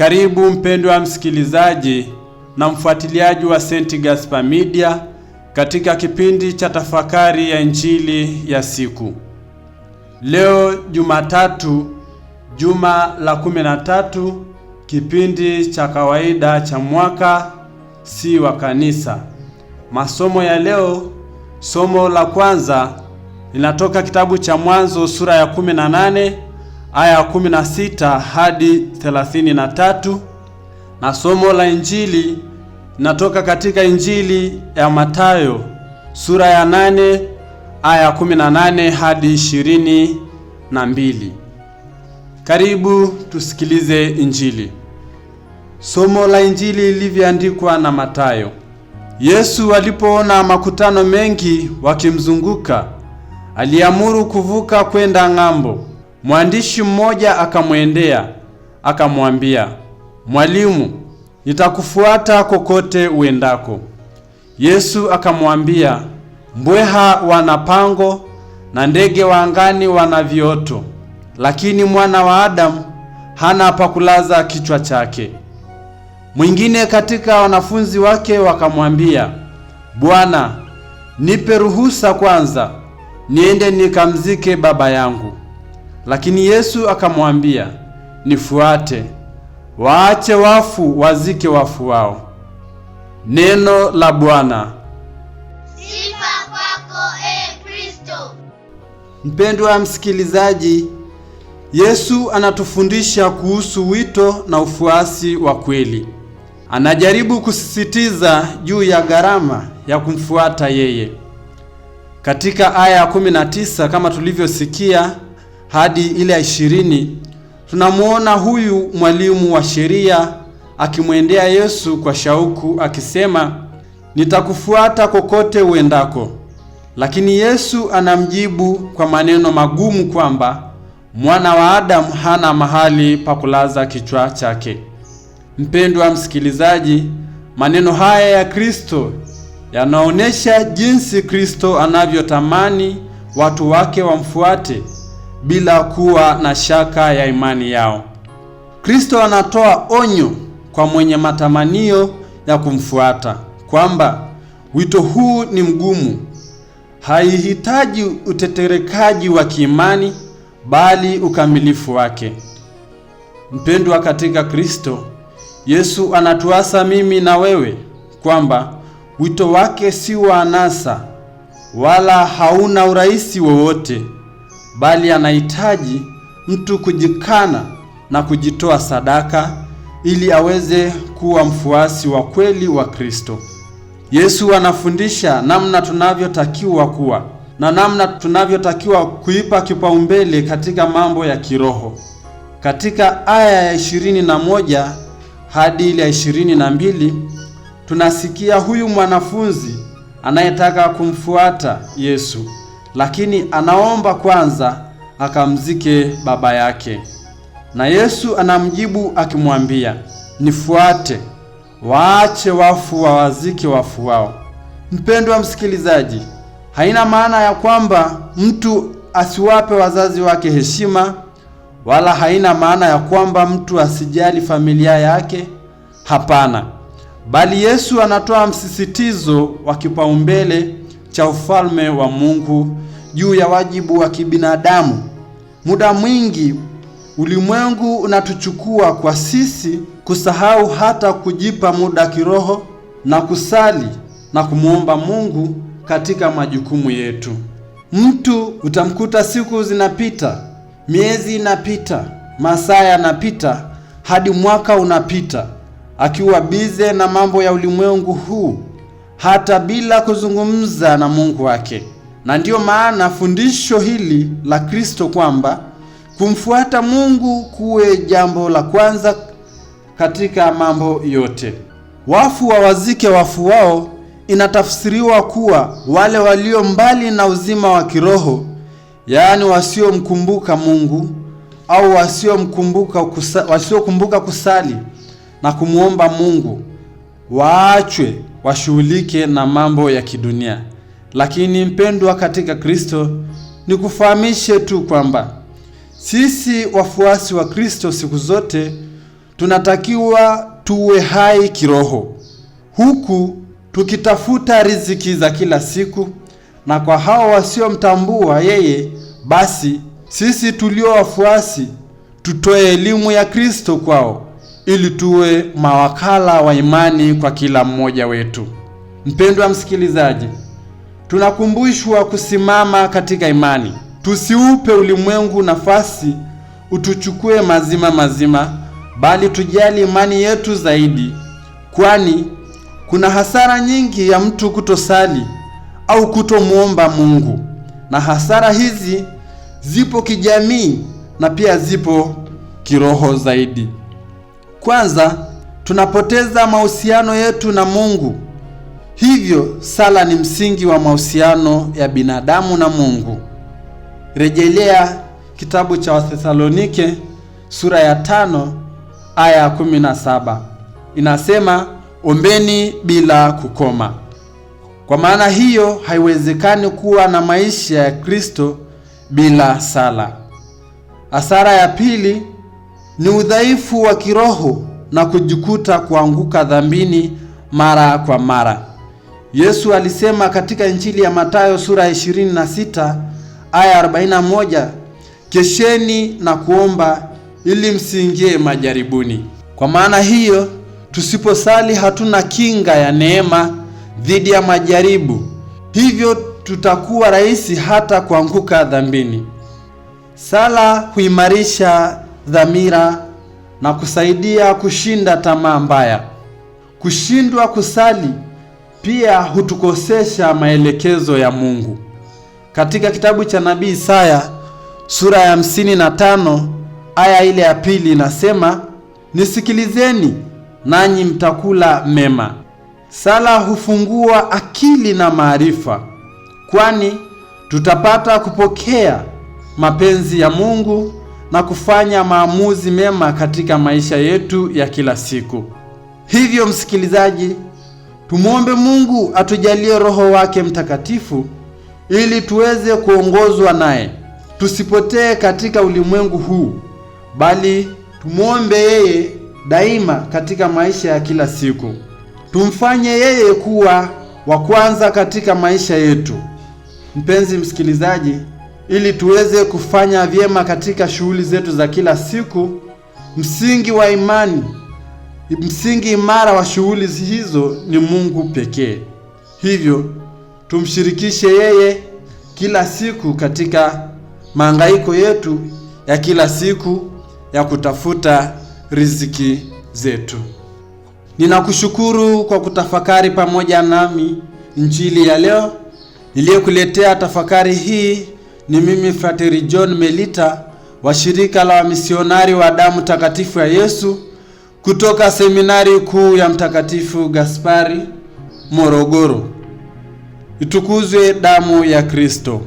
Karibu mpendwa msikilizaji na mfuatiliaji wa St. Gaspar Media katika kipindi cha tafakari ya injili ya siku. Leo Jumatatu, juma la 13, kipindi cha kawaida cha mwaka si wa kanisa. Masomo ya leo, somo la kwanza linatoka kitabu cha Mwanzo sura ya 18 aya 16 hadi 33, na somo la injili natoka katika injili ya Mathayo sura ya 8 aya ya 18 hadi 22. Karibu tusikilize injili. Somo la injili lilivyoandikwa na Mathayo. Yesu alipoona makutano mengi wakimzunguka, aliamuru kuvuka kwenda ng'ambo. Mwandishi mmoja akamwendea akamwambia, Mwalimu, nitakufuata kokote uendako. Yesu akamwambia, mbweha wana pango na ndege wa angani wana vioto, lakini mwana wa Adamu hana pa kulaza kichwa chake. Mwingine katika wanafunzi wake wakamwambia, Bwana, nipe ruhusa kwanza niende nikamzike baba yangu. Lakini Yesu akamwambia, nifuate, waache wafu wazike wafu wao. Neno la Bwana. Sifa kwako e Kristo. Mpendwa msikilizaji, Yesu anatufundisha kuhusu wito na ufuasi wa kweli. Anajaribu kusisitiza juu ya gharama ya kumfuata yeye. Katika aya ya 19 kama tulivyosikia hadi ile ya ishirini tunamwona huyu mwalimu wa sheria akimwendea Yesu kwa shauku akisema, nitakufuata kokote uendako. Lakini Yesu anamjibu kwa maneno magumu kwamba mwana wa Adamu hana mahali pa kulaza kichwa chake. Mpendwa msikilizaji, maneno haya ya Kristo yanaonyesha jinsi Kristo anavyotamani watu wake wamfuate bila kuwa na shaka ya imani yao. Kristo anatoa onyo kwa mwenye matamanio ya kumfuata kwamba wito huu ni mgumu, haihitaji uteterekaji wa kiimani bali ukamilifu wake. Mpendwa katika Kristo, Yesu anatuasa mimi na wewe kwamba wito wake si wa anasa wala hauna urahisi wowote bali anahitaji mtu kujikana na kujitoa sadaka ili aweze kuwa mfuasi wa kweli wa Kristo. Yesu anafundisha namna tunavyotakiwa kuwa na namna tunavyotakiwa kuipa kipaumbele katika mambo ya kiroho. Katika aya ya ishirini na moja hadi ile ya ishirini na mbili tunasikia huyu mwanafunzi anayetaka kumfuata Yesu lakini anaomba kwanza akamzike baba yake. Na Yesu anamjibu akimwambia, nifuate, waache wafu wawazike wafu wao. Mpendwa msikilizaji, haina maana ya kwamba mtu asiwape wazazi wake heshima, wala haina maana ya kwamba mtu asijali familia yake. Hapana, bali Yesu anatoa msisitizo wa kipaumbele cha ufalme wa Mungu juu ya wajibu wa kibinadamu. Muda mwingi ulimwengu unatuchukua kwa sisi kusahau hata kujipa muda kiroho na kusali na kumwomba Mungu katika majukumu yetu. Mtu utamkuta siku zinapita, miezi inapita, masaa yanapita, hadi mwaka unapita, akiwa bize na mambo ya ulimwengu huu hata bila kuzungumza na Mungu wake. Na ndiyo maana fundisho hili la Kristo kwamba kumfuata Mungu kuwe jambo la kwanza katika mambo yote. Wafu wawazike wafu wao inatafsiriwa kuwa wale walio mbali na uzima wa kiroho, yaani wasiomkumbuka Mungu au wasiokumbuka kusa, wasiokumbuka kusali na kumwomba Mungu waachwe washughulike na mambo ya kidunia. Lakini mpendwa katika Kristo, nikufahamishe tu kwamba sisi wafuasi wa Kristo siku zote tunatakiwa tuwe hai kiroho, huku tukitafuta riziki za kila siku, na kwa hao wasiomtambua yeye, basi sisi tulio wafuasi tutoe elimu ya Kristo kwao ili tuwe mawakala wa imani kwa kila mmoja wetu. Mpendwa msikilizaji, tunakumbushwa kusimama katika imani, tusiupe ulimwengu nafasi utuchukue mazima mazima, bali tujali imani yetu zaidi, kwani kuna hasara nyingi ya mtu kutosali au kutomuomba Mungu, na hasara hizi zipo kijamii na pia zipo kiroho zaidi. Kwanza tunapoteza mahusiano yetu na Mungu. Hivyo sala ni msingi wa mahusiano ya binadamu na Mungu. Rejelea kitabu cha Wathesalonike sura ya tano aya ya kumi na saba inasema, ombeni bila kukoma. Kwa maana hiyo haiwezekani kuwa na maisha ya Kristo bila sala. Hasara ya pili ni udhaifu wa kiroho na kujikuta kuanguka dhambini mara kwa mara. Yesu alisema katika Injili ya Mathayo sura 26 aya 41, kesheni na kuomba ili msiingie majaribuni. Kwa maana hiyo, tusiposali hatuna kinga ya neema dhidi ya majaribu, hivyo tutakuwa rahisi hata kuanguka dhambini. Sala huimarisha dhamira na kusaidia kushinda tamaa mbaya. Kushindwa kusali pia hutukosesha maelekezo ya Mungu. Katika kitabu cha nabii Isaya sura ya 55 na tano aya ile ya pili inasema, nisikilizeni nanyi mtakula mema. Sala hufungua akili na maarifa, kwani tutapata kupokea mapenzi ya Mungu na kufanya maamuzi mema katika maisha yetu ya kila siku. Hivyo msikilizaji, tumwombe Mungu atujalie Roho wake Mtakatifu ili tuweze kuongozwa naye, tusipotee katika ulimwengu huu, bali tumwombe yeye daima katika maisha ya kila siku. Tumfanye yeye kuwa wa kwanza katika maisha yetu. Mpenzi msikilizaji, ili tuweze kufanya vyema katika shughuli zetu za kila siku. Msingi wa imani, msingi imara wa shughuli hizo ni Mungu pekee. Hivyo tumshirikishe yeye kila siku katika mahangaiko yetu ya kila siku ya kutafuta riziki zetu. Ninakushukuru kwa kutafakari pamoja nami Injili ya leo. Niliyokuletea tafakari hii ni mimi Frateri John Melita wa shirika la wamisionari wa damu takatifu ya Yesu kutoka seminari kuu ya Mtakatifu Gaspari Morogoro. Itukuzwe damu ya Kristo!